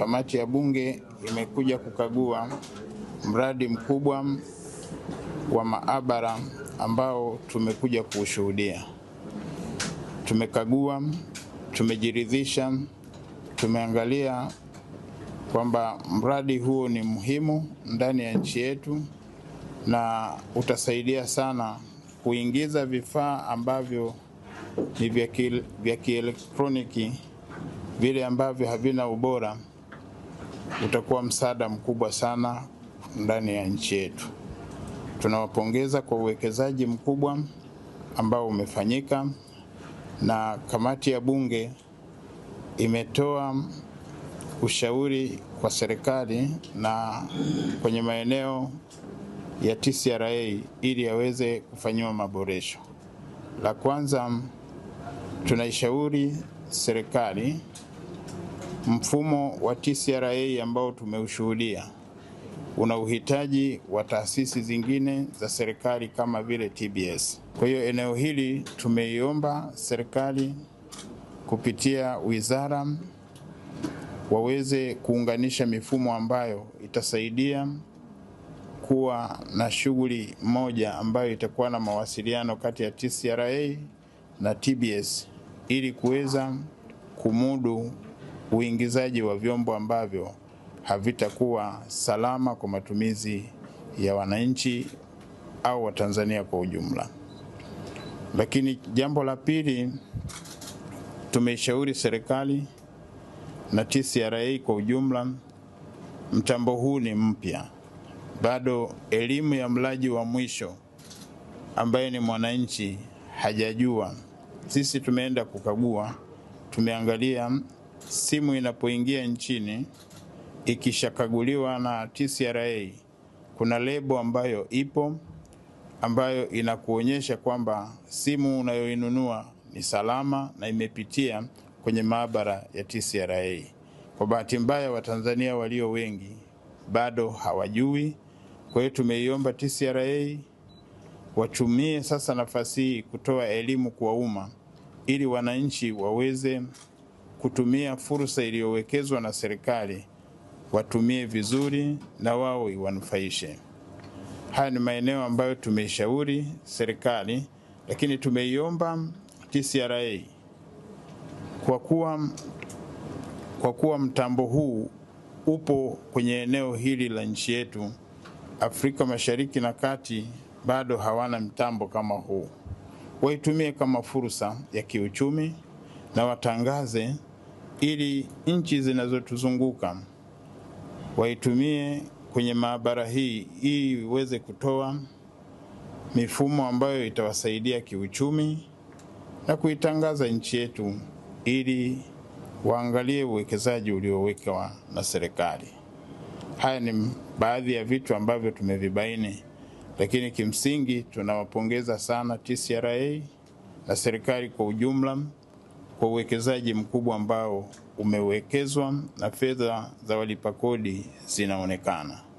Kamati ya Bunge imekuja kukagua mradi mkubwa wa maabara ambao tumekuja kuushuhudia. Tumekagua, tumejiridhisha, tumeangalia kwamba mradi huo ni muhimu ndani ya nchi yetu na utasaidia sana kuingiza vifaa ambavyo ni vya kielektroniki vile ambavyo havina ubora utakuwa msaada mkubwa sana ndani ya nchi yetu. Tunawapongeza kwa uwekezaji mkubwa ambao umefanyika, na kamati ya bunge imetoa ushauri kwa serikali na kwenye maeneo ya TCRA ili yaweze kufanyiwa maboresho. La kwanza tunaishauri serikali Mfumo wa TCRA ambao tumeushuhudia una uhitaji wa taasisi zingine za serikali kama vile TBS. Kwa hiyo eneo hili tumeiomba serikali kupitia wizara waweze kuunganisha mifumo ambayo itasaidia kuwa na shughuli moja ambayo itakuwa na mawasiliano kati ya TCRA na TBS ili kuweza kumudu uingizaji wa vyombo ambavyo havitakuwa salama kwa matumizi ya wananchi au Watanzania kwa ujumla. Lakini jambo la pili, tumeshauri serikali na TCRA kwa ujumla, mtambo huu ni mpya, bado elimu ya mlaji wa mwisho ambaye ni mwananchi hajajua. Sisi tumeenda kukagua, tumeangalia simu inapoingia nchini ikishakaguliwa na TCRA, kuna lebo ambayo ipo ambayo inakuonyesha kwamba simu unayoinunua ni salama na imepitia kwenye maabara ya TCRA. Kwa bahati mbaya, Watanzania walio wengi bado hawajui. Kwa hiyo tumeiomba TCRA watumie sasa nafasi hii kutoa elimu kwa umma ili wananchi waweze kutumia fursa iliyowekezwa na serikali watumie vizuri na wao iwanufaishe. Haya ni maeneo ambayo tumeishauri serikali, lakini tumeiomba TCRA kwa kuwa, kwa kuwa mtambo huu upo kwenye eneo hili la nchi yetu. Afrika Mashariki na Kati bado hawana mtambo kama huu, waitumie kama fursa ya kiuchumi na watangaze ili nchi zinazotuzunguka waitumie kwenye maabara hii ili iweze kutoa mifumo ambayo itawasaidia kiuchumi na kuitangaza nchi yetu ili waangalie uwekezaji uliowekwa na serikali. Haya ni baadhi ya vitu ambavyo tumevibaini, lakini kimsingi tunawapongeza sana TCRA na serikali kwa ujumla kwa uwekezaji mkubwa ambao umewekezwa na fedha za walipa kodi zinaonekana.